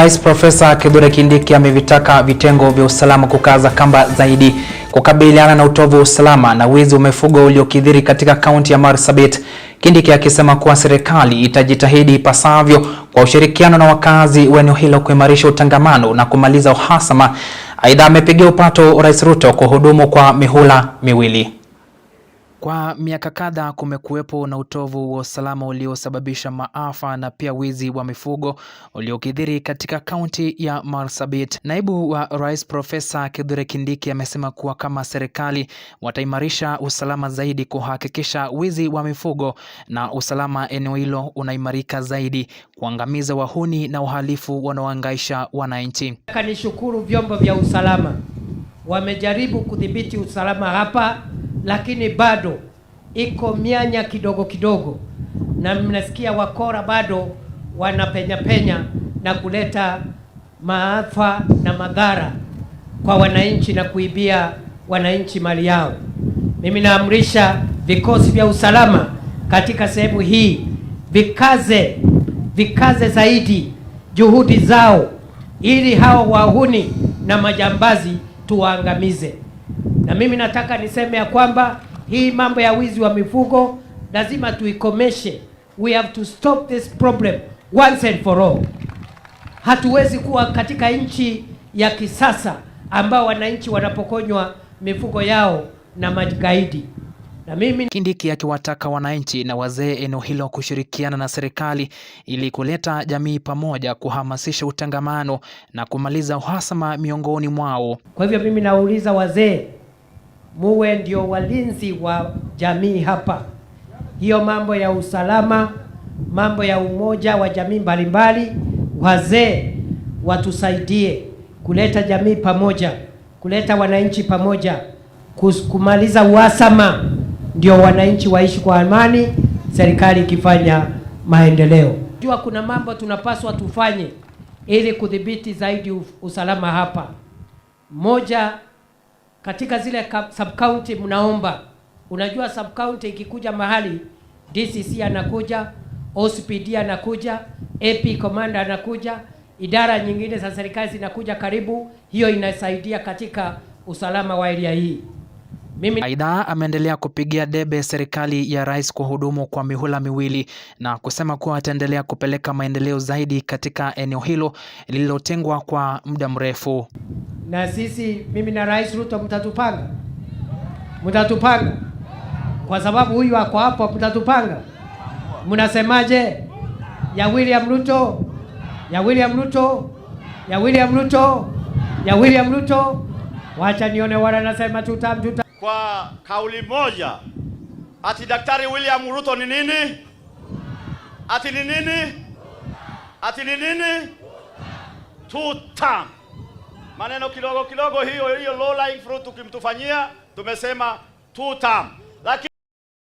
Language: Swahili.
Rais Profesa Kithure Kindiki amevitaka vitengo vya usalama kukaza kamba zaidi kukabiliana na utovu wa usalama na wizi wa mifugo uliokithiri katika kaunti ya Marsabit. Kindiki akisema kuwa serikali itajitahidi ipasavyo kwa ushirikiano na wakazi wa eneo hilo kuimarisha utangamano na kumaliza uhasama. Aidha, amepigia upato Rais Ruto kuhudumu kwa mihula miwili. Kwa miaka kadha kumekuwepo na utovu wa usalama uliosababisha maafa na pia wizi wa mifugo uliokithiri katika kaunti ya Marsabit. Naibu wa Rais Profesa Kithure Kindiki amesema kuwa kama serikali wataimarisha usalama zaidi kuhakikisha wizi wa mifugo na usalama eneo hilo unaimarika zaidi kuangamiza wahuni na uhalifu wanaoangaisha wananchi. Kanishukuru vyombo vya usalama, wamejaribu kudhibiti usalama hapa lakini bado iko mianya kidogo kidogo, na mnasikia wakora bado wanapenya penya na kuleta maafa na madhara kwa wananchi na kuibia wananchi mali yao. Mimi naamrisha vikosi vya usalama katika sehemu hii vikaze vikaze zaidi juhudi zao ili hao wahuni na majambazi tuwaangamize. Na eh. mimi nataka niseme ya kwamba hii mambo ya wizi wa mifugo lazima tuikomeshe. We have to stop this problem once and for all. Hatuwezi kuwa katika nchi ya kisasa ambao wananchi wanapokonywa mifugo yao na magaidi. Na mimi... Kindiki akiwataka wananchi na wazee eneo hilo kushirikiana na serikali ili kuleta jamii pamoja, kuhamasisha utangamano na kumaliza uhasama miongoni mwao. Kwa hivyo mimi nauliza wazee muwe ndio walinzi wa jamii hapa. Hiyo mambo ya usalama, mambo ya umoja wa jamii mbalimbali, wazee watusaidie kuleta jamii pamoja, kuleta wananchi pamoja, kumaliza uhasama, ndio wananchi waishi kwa amani, serikali ikifanya maendeleo. Jua kuna mambo tunapaswa tufanye ili kudhibiti zaidi usalama hapa. Moja katika zile sub county mnaomba. Unajua sub county ikikuja mahali, DCC anakuja, OSPD anakuja, AP commander anakuja, idara nyingine za serikali zinakuja karibu. Hiyo inasaidia katika usalama wa area hii. Mimi... Aidha, ameendelea kupigia debe serikali ya rais kuhudumu kwa mihula miwili na kusema kuwa ataendelea kupeleka maendeleo zaidi katika eneo hilo lililotengwa kwa muda mrefu na sisi, mimi na Rais Ruto mtatupanga, mtatupanga kwa sababu huyu ako hapo, mtatupanga. Mnasemaje ya William Ruto, ya William Ruto, ya William Ruto, ya William Ruto? Wacha nione wala nasema tutam, tutam. Kwa kauli moja ati Daktari William Ruto ni nini? Ati ni nini? Ati ni nini? Tutam maneno kidogo kidogo, hiyo hiyo low lying fruit ukimtufanyia, tumesema two term, lakini